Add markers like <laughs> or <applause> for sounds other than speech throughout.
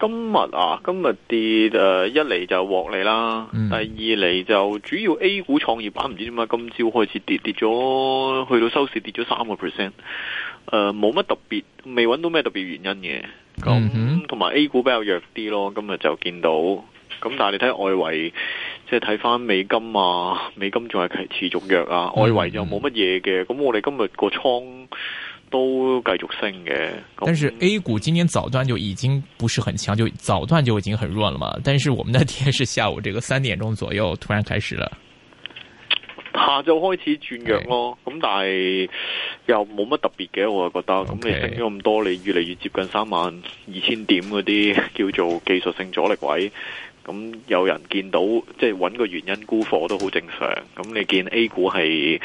今日啊，今日跌誒、呃，一嚟就獲利啦，第二嚟就主要 A 股創業板唔知點解今朝開始跌跌咗，去到收市跌咗三個 percent，誒，冇乜特別，未揾到咩特別原因嘅。咁同埋 A 股比較弱啲咯，今日就見到。咁但係你睇外圍，即係睇翻美金啊，美金仲係持續弱啊，外圍就冇乜嘢嘅。咁、嗯、我哋今日個倉。都繼續升嘅，但是 A 股今年早段就已經不是很強，就早段就已經很弱了嘛。但是我們的天是下午，這個三點鐘左右突然開始了，下晝開始轉弱咯。咁但係又冇乜特別嘅，我又覺得。咁、okay. 你升咗咁多，你越嚟越接近三萬二千點嗰啲叫做技術性阻力位。咁有人見到即係搵個原因沽貨都好正常。咁你見 A 股係。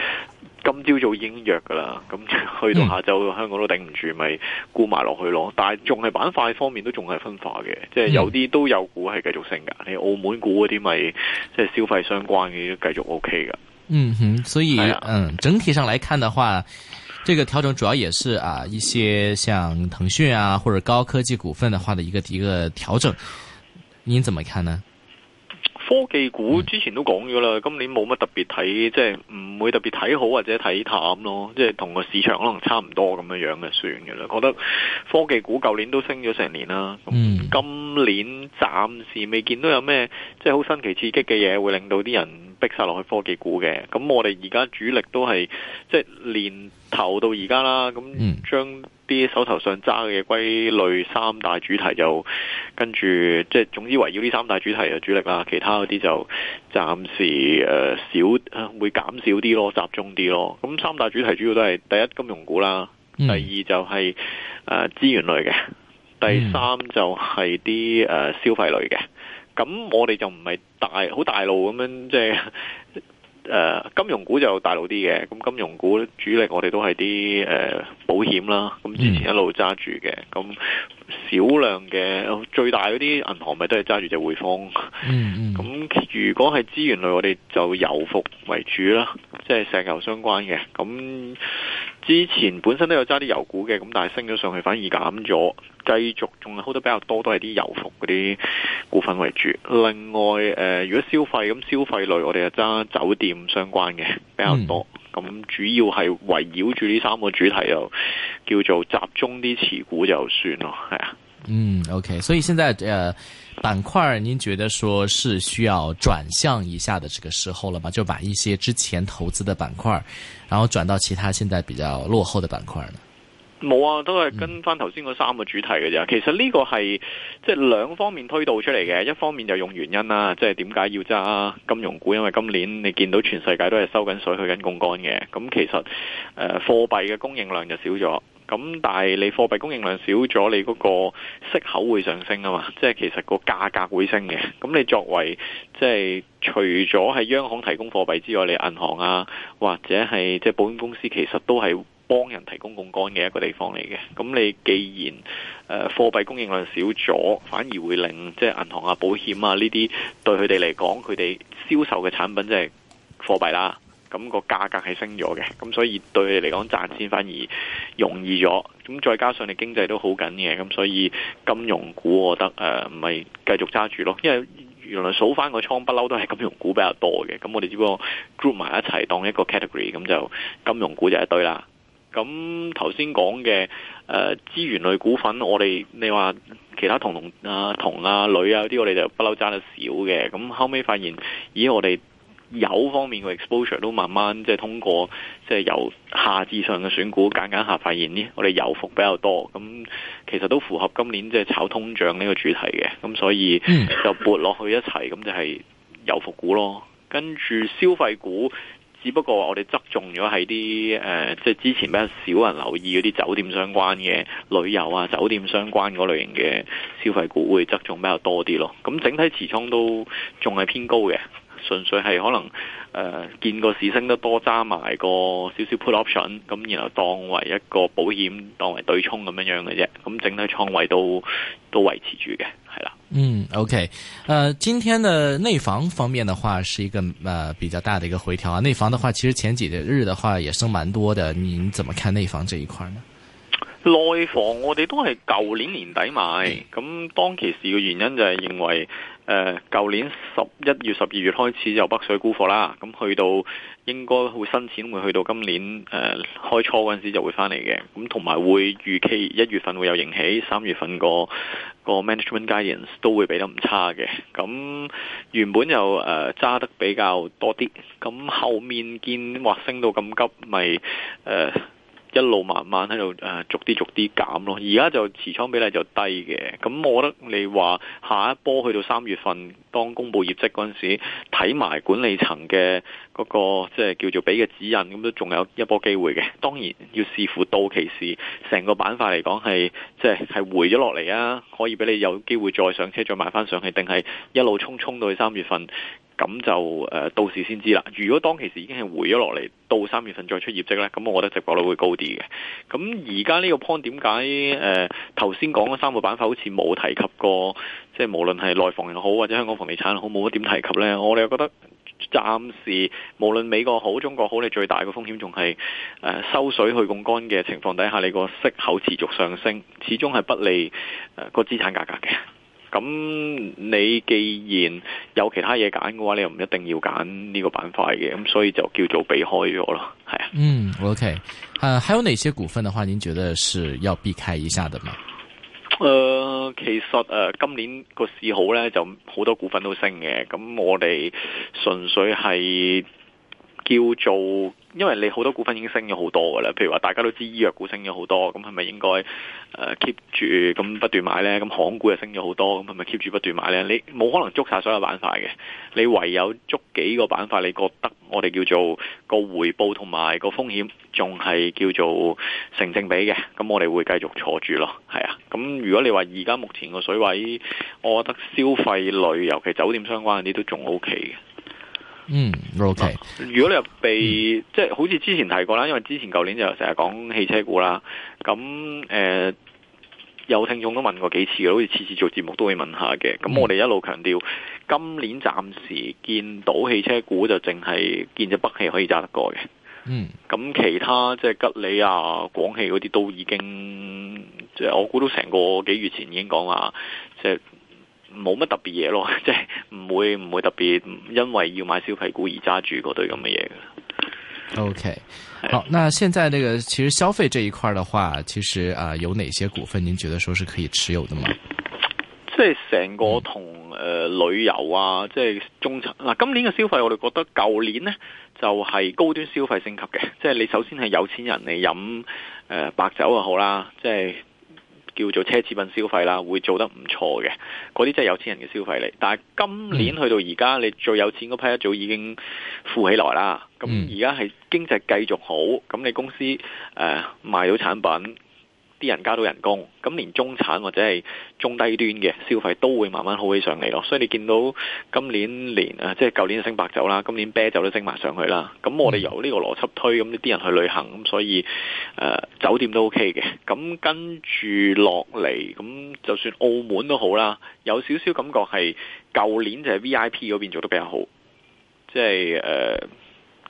今朝早，早已經弱噶啦，咁去到下晝香港都頂唔住，咪、嗯、沽埋落去咯。但係仲係板塊方面都仲係分化嘅，即、就、係、是、有啲都有股係繼續升噶。你、嗯、澳門股嗰啲咪即係消費相關嘅繼續 O K 噶。嗯哼，所以、啊、嗯整體上嚟看嘅話，這個調整主要也是啊一些像騰訊啊或者高科技股份的話的一個一個調整，您怎麼看呢？科技股之前都講咗啦，今年冇乜特別睇，即係唔會特別睇好或者睇淡咯，即係同個市場可能差唔多咁樣樣就算嘅啦。覺得科技股舊年都升咗成年啦，咁今年暫時未見到有咩即係好新奇刺激嘅嘢會令到啲人逼晒落去科技股嘅，咁我哋而家主力都係即係年頭到而家啦，咁將啲手頭上揸嘅嘢歸類三大主題就跟住即係總之圍繞呢三大主題嘅主力啦，其他嗰啲就暫時誒、呃、少會減少啲咯，集中啲咯。咁三大主題主要都係第一金融股啦，第二就係、是、誒、呃、資源類嘅，第三就係啲誒消費類嘅。咁我哋就唔係大好大路咁樣，即係誒，金融股就大路啲嘅。咁金融股主力我哋都係啲誒保險啦。咁之前一路揸住嘅，咁少量嘅最大嗰啲銀行咪都係揸住隻匯豐。嗯嗯。咁如果係資源類，我哋就油服為主啦，即係石油相關嘅。咁之前本身都有揸啲油股嘅，咁但係升咗上去反而減咗，繼續仲係 hold 得比較多都係啲油服嗰啲股份為主。另外，呃、如果消費咁消費類，我哋就揸酒店相關嘅比較多。咁、嗯、主要係圍繞住呢三個主題就，就叫做集中啲持股就算咯，係啊。嗯，OK，所以現在誒、呃、板塊，您覺得說是需要轉向一下的這個時候了嗎？就把一些之前投資的板塊，然後轉到其他現在比較落後的板塊呢？冇啊，都係跟翻頭先嗰三個主題嘅啫、嗯。其實呢個係即係兩方面推導出嚟嘅，一方面就用原因啦，即係點解要揸金融股？因為今年你見到全世界都係收緊水、去緊槓桿嘅，咁其實誒、呃、貨幣嘅供應量就少咗。咁但係你貨幣供應量少咗，你嗰個息口會上升啊嘛，即係其實個價格會升嘅。咁你作為即係、就是、除咗係央行提供貨幣之外，你銀行啊或者係即係保險公司，其實都係幫人提供槓桿嘅一個地方嚟嘅。咁你既然、呃、貨幣供應量少咗，反而會令即係、就是、銀行啊、保險啊呢啲對佢哋嚟講，佢哋銷售嘅產品即係貨幣啦。咁個價格係升咗嘅，咁所以對你嚟講賺錢反而容易咗。咁再加上你經濟都好緊嘅，咁所以金融股，我覺得唔係、呃、繼續揸住咯。因為原來數翻個倉，不嬲都係金融股比較多嘅。咁我哋只不過 group 埋一齊當一個 category，咁就金融股就一堆啦。咁頭先講嘅資源類股份，我哋你話其他銅啊、銅啊、鋁啊啲，我哋就不嬲揸得少嘅。咁後尾發現，咦，我哋～油方面嘅 exposure 都慢慢即係通過，即係由下至上嘅選股揀揀下，發現呢，我哋油服比較多，咁其實都符合今年即係炒通脹呢個主題嘅，咁所以就撥落去一齊，咁就係油服股咯。跟住消費股，只不過我哋側重咗喺啲誒，即係之前比較少人留意嗰啲酒店相關嘅旅遊啊、酒店相關嗰類型嘅消費股，會側重比較多啲咯。咁整體持倉都仲係偏高嘅。純粹係可能，誒、呃，見個市升得多，揸埋個少少 put option，咁然後當為一個保險，當為對沖咁樣樣嘅啫，咁整體倉位都都維持住嘅，係啦。嗯，OK，誒、呃，今天嘅內房方面嘅話，是一個誒、呃、比較大的一個回調啊。內房嘅話，其實前幾日嘅話也升蠻多的，你怎麼看內房這一塊呢？內房我哋都係舊年年底買，咁當其時嘅原因就係認為。誒、呃，舊年十一月、十二月開始就北水沽貨啦，咁去到應該會新錢會去到今年誒、呃、開初嗰陣時就會翻嚟嘅，咁同埋會預期一月份會有盈喜，三月份、嗰個、嗰個 management guidance 都會俾得唔差嘅，咁原本又誒揸、呃、得比較多啲，咁後面見話升到咁急，咪誒。呃一路慢慢喺度誒，逐啲逐啲減咯。而家就持倉比例就低嘅，咁我覺得你話下一波去到三月份，當公佈業績嗰陣時，睇埋管理層嘅嗰個即係叫做俾嘅指引，咁都仲有一波機會嘅。當然要視乎到期時，成個板塊嚟講係即係係回咗落嚟啊，可以俾你有機會再上車再買翻上去，定係一路衝衝到去三月份。咁就誒到時先知啦。如果當其時已經係回咗落嚟，到三月份再出業績呢，咁我覺得值博率會高啲嘅。咁而家呢個 point 點解誒頭先講嘅三個板塊好似冇提及過，即係無論係內房又好，或者香港房地產又好，冇乜點提及呢。我哋又覺得暫時無論美國好、中國好，你最大嘅風險仲係、呃、收水去槓桿嘅情況底下，你個息口持續上升，始終係不利誒、呃那個資產價格嘅。咁你既然有其他嘢揀嘅話，你又唔一定要揀呢個板塊嘅，咁所以就叫做避開咗咯，係啊。嗯，OK。啊，還有哪些股份的話，您覺得是要避開一下的嗎？誒、呃，其實誒，uh, 今年個市好呢，就好多股份都升嘅，咁我哋純粹係。叫做，因為你好多股份已經升咗好多嘅啦，譬如話大家都知醫藥股升咗好多，咁係咪應該 keep 住咁不斷買呢？咁航空股又升咗好多，咁係咪 keep 住不斷買呢？你冇可能捉曬所有板塊嘅，你唯有捉幾個板塊，你覺得我哋叫做個回報同埋個風險仲係叫做成正比嘅，咁我哋會繼續坐住咯，係啊。咁如果你話而家目前個水位，我覺得消費類尤其酒店相關嗰啲都仲 OK 嘅。嗯、mm, o、okay. 如果你又被、mm. 即係好似之前提過啦，因為之前舊年就成日講汽車股啦，咁誒、呃、有聽眾都問過幾次嘅，好似次次做節目都會問下嘅。咁我哋一路強調，今年暫時見到汽車股就淨係見隻北汽可以揸得過嘅。嗯。咁其他即係吉利啊、廣汽嗰啲都已經即係我估都成個幾月前已經講話即係。冇乜特別嘢咯，即係唔會唔會特別因為要買消費股而揸住嗰堆咁嘅嘢嘅。O、okay, K，好，那現在呢、這個其實消費這一塊的話，其實啊，有哪些股份您覺得說是可以持有的嗎？即係成個同誒旅遊啊，即係中產嗱，今年嘅消費我哋覺得舊年呢就係高端消費升級嘅，即、就、係、是、你首先係有錢人嚟飲誒白酒又好啦，即係。叫做奢侈品消費啦，會做得唔錯嘅，嗰啲真係有錢人嘅消費嚟。但係今年去到而家，你最有錢嗰批一早已經富起來啦。咁而家係經濟繼續好，咁你公司誒賣、呃、到產品。啲人加到人工，咁連中產或者係中低端嘅消費都會慢慢好起上嚟咯。所以你見到今年連啊，即係舊年升白酒啦，今年啤酒都升埋上去啦。咁我哋由呢個邏輯推，咁啲人去旅行，咁所以誒、呃、酒店都 OK 嘅。咁跟住落嚟，咁就算澳門都好啦，有少少感覺係舊年就係 VIP 嗰邊做得比較好，即係誒。呃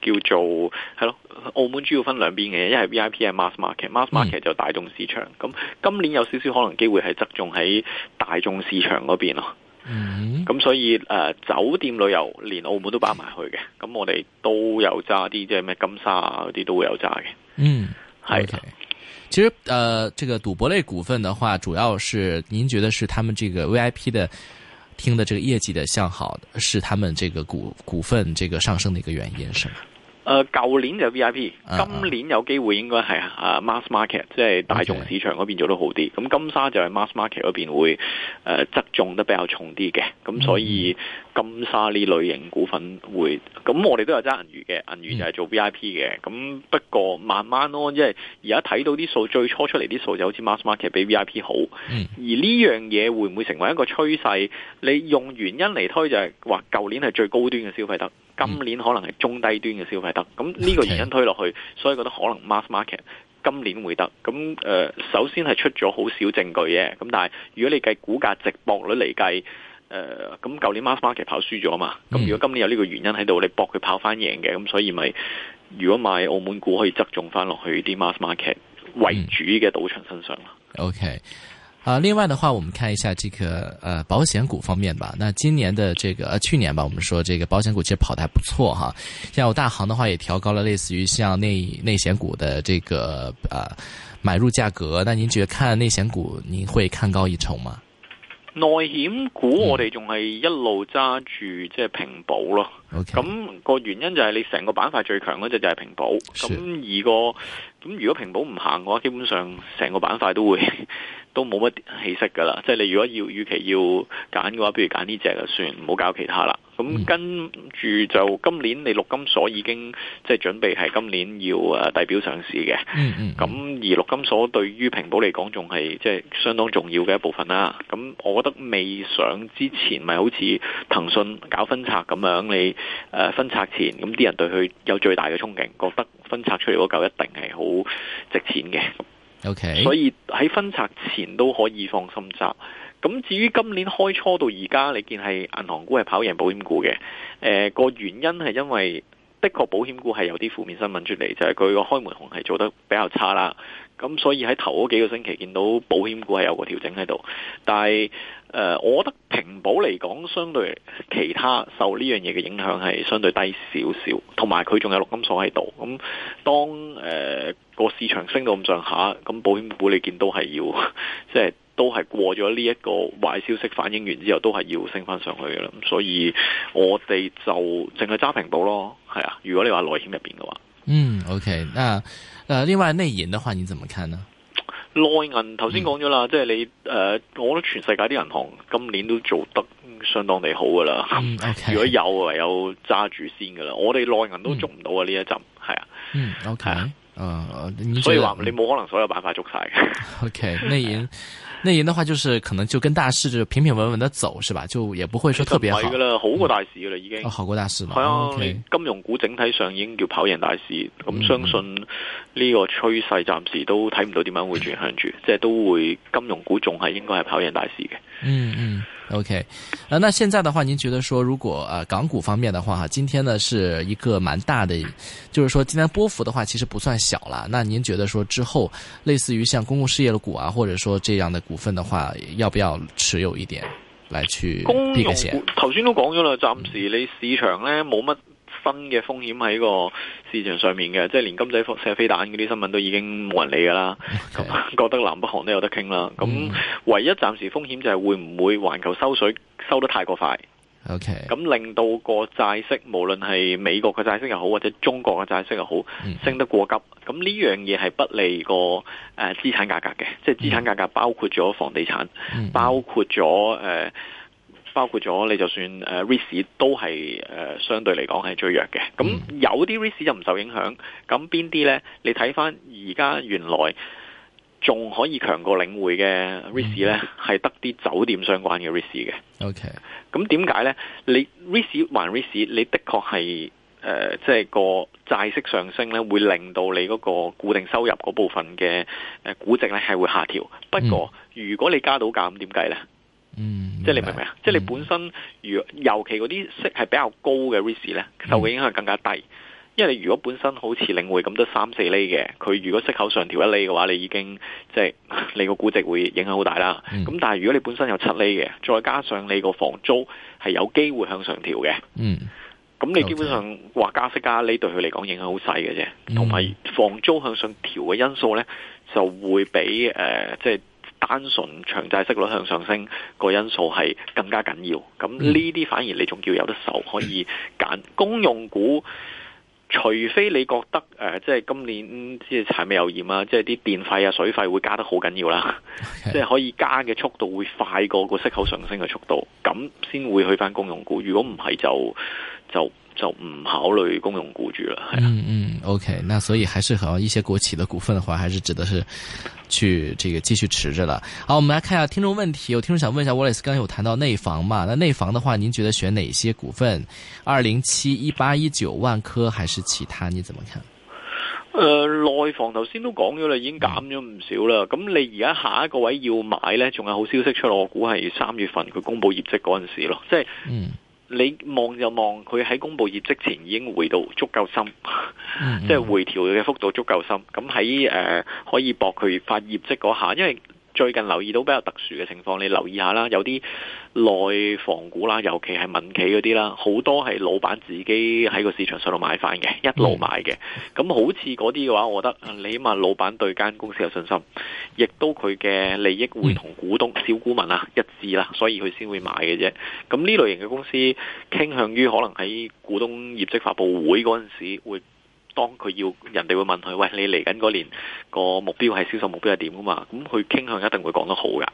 叫做係咯，澳門主要分兩邊嘅，一係 V I P 係 mass market，mass market 就大眾市場。咁、嗯、今年有少少可能機會係側重喺大眾市場嗰邊咯。咁、嗯、所以誒、呃，酒店旅遊連澳門都包埋去嘅，咁我哋都有揸啲，即係咩金沙啊嗰啲都會有揸嘅。嗯，係、嗯 okay.。其實誒、呃，這個賭博類股份的話，主要是您覺得是他們這個 V I P 的。聽的這個業績的向好是他們這個股股份這個上升的一個原因，是嗎？誒，舊年就 V I P，今年有機會應該係啊，mass market 即係大眾市場嗰邊做得好啲。咁、okay. 金沙就係 mass market 嗰邊會誒側重得比較重啲嘅。咁所以金沙呢類型股份會，咁、mm. 我哋都有揸銀娛嘅，銀娛就係做 V I P 嘅。咁、mm. 不過慢慢咯，即係而家睇到啲數，最初出嚟啲數就好似 mass market 比 V I P 好。Mm. 而呢樣嘢會唔會成為一個趨勢？你用原因嚟推就係、是、話，舊年係最高端嘅消費得。今年可能係中低端嘅消費得，咁呢個原因推落去，所以覺得可能 mass market 今年會得。咁誒、呃，首先係，出咗好少證據嘅，咁但係如果你計股價值博率嚟計，誒咁舊年 mass market 跑輸咗嘛，咁如果今年有呢個原因喺度，你搏佢跑翻贏嘅，咁所以咪如果買澳門股可以側重翻落去啲 mass market 為主嘅賭場身上啦、嗯。OK。啊，另外的話，我們看一下這個，呃，保險股方面吧。那今年的這個、啊，去年吧，我們說這個保險股其實跑得還不錯哈。像我大行的話，也調高了類似於像內內險股的這個，呃，買入價格。那您覺得看內險股，您會看高一籌嗎？內險股我哋仲係一路揸住即係、嗯就是、平保咯。ok 咁個原因就係你成個板塊最強嗰隻就係平保。咁咁如果平保唔行嘅話，基本上成個板塊都會。都冇乜氣息㗎啦，即係你如果要預期要揀嘅話，不如揀呢隻就算，唔好搞其他啦。咁跟住就今年你陸金所已經即係準備係今年要、啊、代表上市嘅。咁、嗯嗯、而陸金所對於平保嚟講仲係即係相當重要嘅一部分啦。咁我覺得未上之前咪好似騰訊搞分拆咁樣，你、啊、分拆前咁啲人對佢有最大嘅憧憬，覺得分拆出嚟嗰嚿一定係好值錢嘅。Okay. 所以喺分拆前都可以放心揸。咁至於今年開初到而家，你見係銀行股係跑贏保險股嘅，呃，個原因係因為。的確保險股係有啲負面新聞出嚟，就係佢個開門紅係做得比較差啦。咁所以喺頭嗰幾個星期見到保險股係有個調整喺度，但係誒、呃，我覺得平保嚟講，相對其他受呢樣嘢嘅影響係相對低少少，同埋佢仲有陸金所喺度。咁當誒個、呃、市場升到咁上下，咁保險股你見到係要即係。就是都係過咗呢一個壞消息反映完之後，都係要升翻上去嘅啦。咁所以我哋就淨係揸平保咯，係啊。如果你話內險入邊嘅話，嗯，OK 那。那、呃、誒，另外內銀嘅話，你怎麼看呢？內銀頭先講咗啦，即係你誒、呃，我覺得全世界啲銀行今年都做得相當地好噶啦。嗯、okay, 如果有唯有揸住先噶啦，我哋內銀都捉唔到啊呢、嗯、一陣，係啊。嗯，OK、啊呃。所以話你冇可能所有板塊捉晒嘅。OK，內 <laughs> 銀內銀。 <laughs> 內銀的話，就是可能就跟大市就平平穩穩的走，是吧？就也不會說特別好。唔係噶啦，好過大市噶啦，已經。哦，好過大市。係啊，okay. 你金融股整體上已經叫跑贏大市，咁、嗯、相信呢個趨勢暫時都睇唔到點樣會轉向住，即、嗯、係、就是、都會金融股仲係應該係跑贏大市嘅。嗯嗯。OK，那現在的話，您覺得說，如果呃港股方面的話，哈，今天呢是一個蠻大的，就是說今天波幅的話，其實不算小了。那您覺得說之後，類似於像公共事業的股啊，或者說這樣的股份的話，要不要持有一點來去避個險？頭先都講咗啦，暫時你市場呢，冇乜。分嘅風險喺個市場上面嘅，即係連金仔射飛彈嗰啲新聞都已經冇人理噶啦。咁、okay. 覺得南北韓都有得傾啦。咁唯一暫時風險就係會唔會環球收水收得太過快，咁、okay. 令到個債息，無論係美國嘅債息又好，或者中國嘅債息又好，升得過急。咁、mm. 呢樣嘢係不利個誒、呃、資產價格嘅，即係資產價格包括咗房地產，mm. 包括咗誒。呃包括咗你就算誒 risk、呃、都係誒、呃、相對嚟講係最弱嘅。咁有啲 risk 就唔受影響，咁邊啲咧？你睇翻而家原來仲可以強過領匯嘅 risk 咧，係、嗯、得啲酒店相關嘅 risk 嘅。OK。咁點解咧？你 risk 還 risk，你的確係誒即係個債息上升咧，會令到你嗰個固定收入嗰部分嘅誒估值咧係會下調。不過、嗯、如果你加到價咁點計咧？嗯，即係你明唔明啊？即係你本身，如尤其嗰啲息係比較高嘅 risk 咧，受嘅影響更加低，嗯。因為你如果本身好似領匯咁得三四厘嘅，佢如果息口上調一厘嘅話，你已經即係、就是、你個估值，會影響好大啦。咁、嗯、但係如果你本身有七厘嘅，再加上你個房租係有機會向上調嘅，嗯，咁你基本上話、okay. 加息加一厘對佢嚟講影響好細嘅啫。同、嗯、埋房租向上調嘅因素咧，就會比誒、呃、即係。單純長債息率向上升個因素係更加緊要，咁呢啲反而你仲要有得受，可以揀公用股。除非你覺得誒、呃，即係今年即係柴米油鹽啊，即係啲電費啊、水費會加得好緊要啦，okay. 即係可以加嘅速度會快過個息口上升嘅速度，咁先會去翻公用股。如果唔係就就。就就唔考慮公用股住啦。嗯嗯，OK。那所以還是好一些國企的股份的話，還是指的是去這個繼續持着啦。好，我們來看一下聽眾問題。有聽眾想問一下，Wallace 剛才有談到內房嘛？那內房的話，您覺得選哪些股份？二零七一八一九萬科還是其他？你怎麼看？呃，內房頭先都講咗啦，已經減咗唔少啦。咁、嗯、你而家下一個位要買呢，仲有好消息出嚟。我估係三月份佢公布業績嗰陣時咯。即係嗯。你望就望，佢喺公布業績前已經回到足夠深，mm-hmm. 即係回調嘅幅度足夠深。咁喺誒可以搏佢發業績嗰下，因為。最近留意到比較特殊嘅情況，你留意一下啦，有啲內房股啦，尤其係民企嗰啲啦，好多係老闆自己喺個市場上度買返嘅，一路買嘅。咁好似嗰啲嘅話，我覺得你起碼老闆對間公司有信心，亦都佢嘅利益會同股東小股民啊一致啦，所以佢先會買嘅啫。咁呢類型嘅公司傾向於可能喺股東業績發布會嗰陣時會。當佢要人哋會問佢，喂，你嚟緊嗰年個目標係銷售目標係點㗎嘛？咁佢傾向一定會講得好㗎。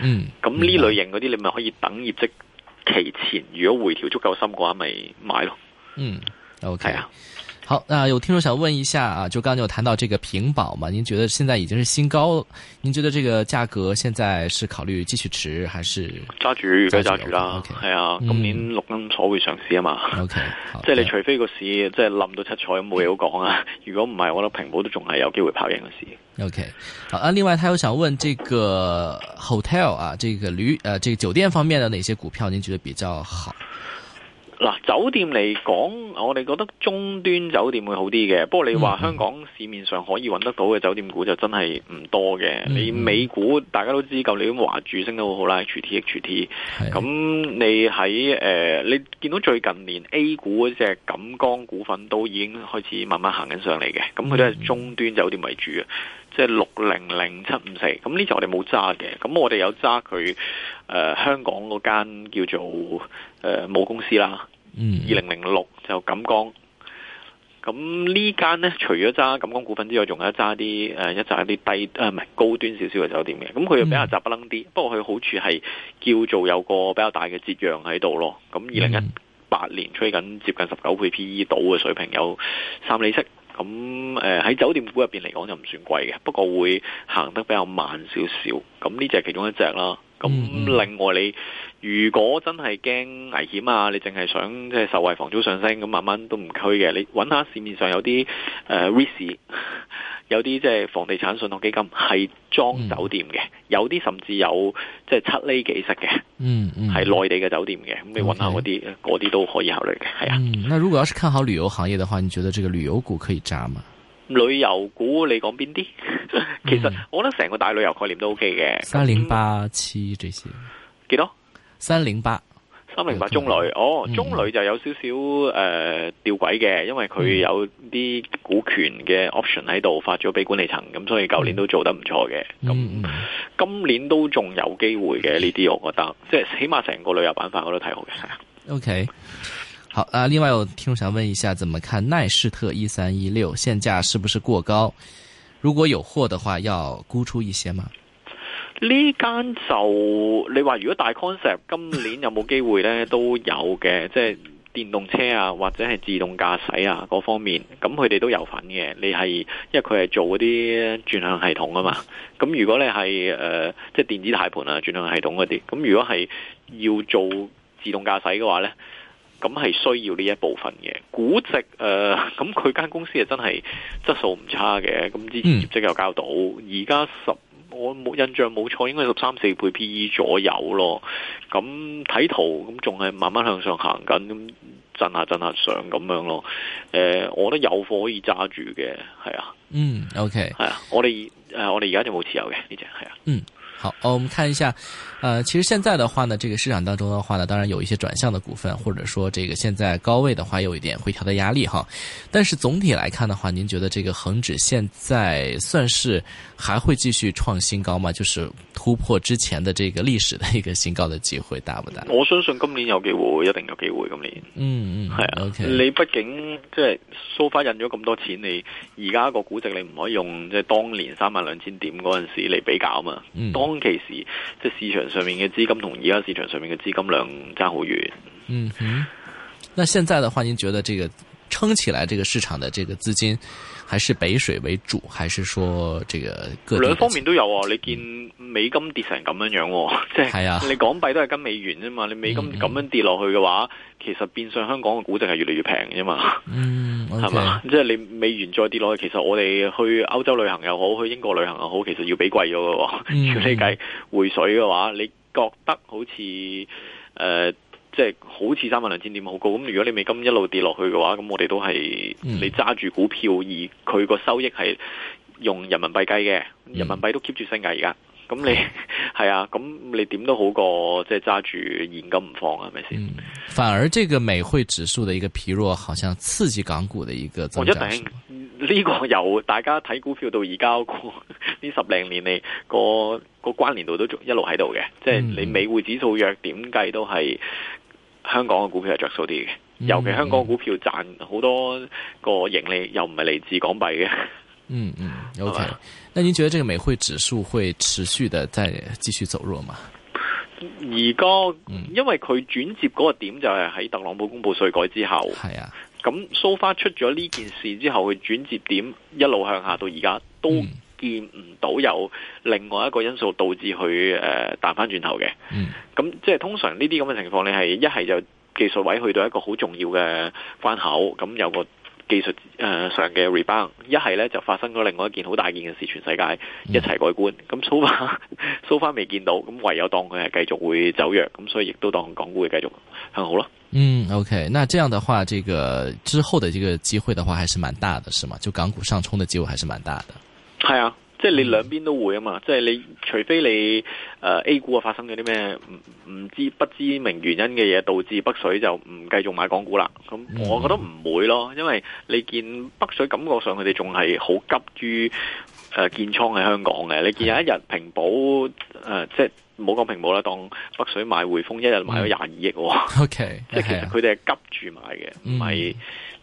嗯，咁呢類型嗰啲，你咪可以等業績期前，如果回調足夠深嘅話，咪買咯。嗯，OK 啊。好，那、啊、有聽眾想問一下啊，就剛才有談到這個平保嘛？您覺得現在已經是新高，您覺得這個價格現在是考慮繼續持還是揸住？梗係揸住啦，係啊、okay，今年陸金所會上市啊嘛。嗯、OK，即係你除非個市是即係冧到七彩咁冇嘢好講啊。如果唔係，我諗平保都仲係有機會跑贏個市。OK，好啊，另外他又想問這個 hotel 啊，這個旅呃這個酒店方面的哪些股票您覺得比較好？嗱，酒店嚟講，我哋覺得中端酒店會好啲嘅。不過你話香港市面上可以揾得到嘅酒店股就真係唔多嘅、嗯。你美股大家都知，舊年華住升得好好啦，H T H T。咁你喺誒，你見到最近連 A 股隻錦江股份都已經開始慢慢行緊上嚟嘅。咁佢都係中端酒店為主即係六零零七五四，咁呢隻我哋冇揸嘅，咁我哋有揸佢誒香港嗰間叫做誒、呃、母公司啦，二零零六就錦江，咁呢間咧除咗揸錦江股份之外，仲有一揸啲誒一扎一啲低誒唔係高端少少嘅酒店嘅，咁佢又比較雜不楞啲，不過佢好處係叫做有個比較大嘅折讓喺度咯，咁二零一八年吹緊接近十九倍 P E 度嘅水平有，有三厘七。咁誒喺酒店股入面嚟講就唔算貴嘅，不過會行得比較慢少少。咁呢只係其中一隻啦。咁、嗯嗯、另外你如果真係驚危險啊，你淨係想即係受惠房租上升，咁慢慢都唔拘嘅。你搵下市面上有啲誒、呃、r i s h 有啲即係房地產信託基金係裝酒店嘅，嗯，有啲甚至有即係七厘幾息嘅，嗯內係、嗯、內地嘅酒店嘅。咁、嗯、你搵下嗰啲，嗰、okay. 啲都可以考慮嘅，係啊、嗯。那如果要是看好旅遊行業的話，你覺得這個旅遊股可以揸嗎？旅遊股你講邊啲？其實我覺得成個大旅遊概念都 OK 嘅。三零八七這些幾多？三零八，三零八中旅 308, 哦、嗯，中旅就有少少誒、呃、吊詭嘅，因為佢有啲股權嘅 option 喺度發咗俾管理層，咁、嗯、所以舊年都做得唔錯嘅。咁、嗯嗯、今年都仲有機會嘅呢啲，嗯、我覺得即係 <laughs> 起碼成個旅遊板塊我都睇好嘅。OK。好啊！另外我聽想問一下，怎麼看耐世特一三一六現價是不是過高？如果有貨的話，要沽出一些嗎？呢間就你話，如果大 concept 今年有冇機會呢？都有嘅，即 <laughs> 係電動車啊或者係自動駕駛啊嗰方面，咁佢哋都有份嘅。你係因為佢係做嗰啲轉向系統啊嘛，咁如果你係誒即係電子大盤啊轉向系統嗰啲，咁如果係要做自動駕駛嘅話呢？咁係需要呢一部分嘅估值，誒、呃，咁佢間公司係真係質素唔差嘅，咁之前業績又交到，而家十，我冇印象冇錯，應該十三四倍 PE 左右咯。咁睇圖，咁仲係慢慢向上行緊，震下震下上咁樣咯。誒、呃，我覺得有貨可以揸住嘅，係啊，嗯，OK，係啊，我哋誒，我哋而家就冇持有嘅呢隻，係啊，嗯。Okay。好，我們看一下，呃，其實現在的話呢，這個市場當中的話呢，當然有一些轉向的股份，或者說這個現在高位的話，有一點回調的壓力哈。但是總體來看的話，您覺得這個恒指現在算是還會繼續創新高嗎？就是突破之前的這個歷史的一個新高的機會大不大？我相信今年有機會，一定有機會今年。嗯嗯，係啊，OK。你畢竟即係 so far 印咗咁多錢，你而家個估值你唔可以用即係當年三萬兩千點嗰陣時嚟比較嘛？嗯。當其時，即市場上面嘅資金同而家市場上面嘅資金量差好遠。嗯哼，那現在的話，您覺得這個？撐起來這個市場的這個資金，還是北水為主，還是說這個各兩方面都有啊？你見美金跌成咁樣樣、啊嗯，即係你港幣都係跟美元啫嘛？你美金咁樣跌落去嘅話、嗯，其實變相香港嘅估值係越嚟越平啫嘛？嗯，係、okay, 嘛？即係你美元再跌落去，其實我哋去歐洲旅行又好，去英國旅行又好，其實要俾貴咗嘅。如你計匯水嘅話，你覺得好似誒？呃即、就、係、是、好似三萬兩千點好高，咁如果你美金一路跌落去嘅話，咁我哋都係、嗯、你揸住股票，而佢個收益係用人民幣計嘅，人民幣都 keep 住升嘅而家。咁你係、嗯、啊，咁你點都好過即係揸住現金唔放係咪先？反而這個美匯指數嘅一個疲弱，好像刺激港股嘅一個增長。呢、這個由大家睇股票到而家呢十零年嚟、這個、這個關聯度都一路喺度嘅，即、就、係、是、你美匯指數弱點計都係。香港嘅股票係着數啲嘅，尤其香港股票賺好多個盈利，又唔係嚟自港幣嘅。嗯嗯，O K。 <laughs> okay. 那您覺得這個美匯指數會持續的再繼續走弱嗎？而家，因為佢轉折嗰個點就係喺特朗普公布稅改之後，係啊。咁蘇花出咗呢件事之後，佢轉折點一路向下到而家都。嗯見唔到有另外一個因素導致佢誒、呃、彈翻轉頭嘅，咁、嗯、即係通常呢啲咁嘅情況你係一係就技術位去到一個好重要嘅關口，咁有個技術誒上嘅 rebound，一係咧就發生咗另外一件好大件嘅事，全世界一齊改觀，咁 so far，so far 未見到，咁唯有當佢係繼續會走弱，咁所以亦都當港股會繼續向好咯。嗯，OK，那這樣的話，這個之後的這個機會的話，還是蠻大的，是嗎？就港股上沖嘅機會，還是蠻大的。係啊，即係你兩邊都會啊嘛，即係你除非你誒、呃、A 股啊發生咗啲咩唔唔知不知名原因嘅嘢，導致北水就唔繼續買港股啦。咁我覺得唔會咯，因為你見北水感覺上佢哋仲係好急於誒、呃、建倉喺香港嘅。你見有一日平保誒、呃，即係唔好講平保啦，當北水買匯豐一日買咗廿二億，哦。O、okay, K，即係其實佢哋係急住買嘅，唔、嗯、係。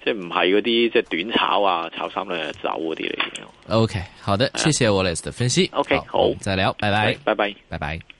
即係唔係嗰啲即係短炒啊，炒三兩日走嗰啲嚟嘅。O、okay, K，好的，謝謝 Wallace 嘅分析。O、okay, K，好，好，再聊，拜拜，拜拜，拜拜。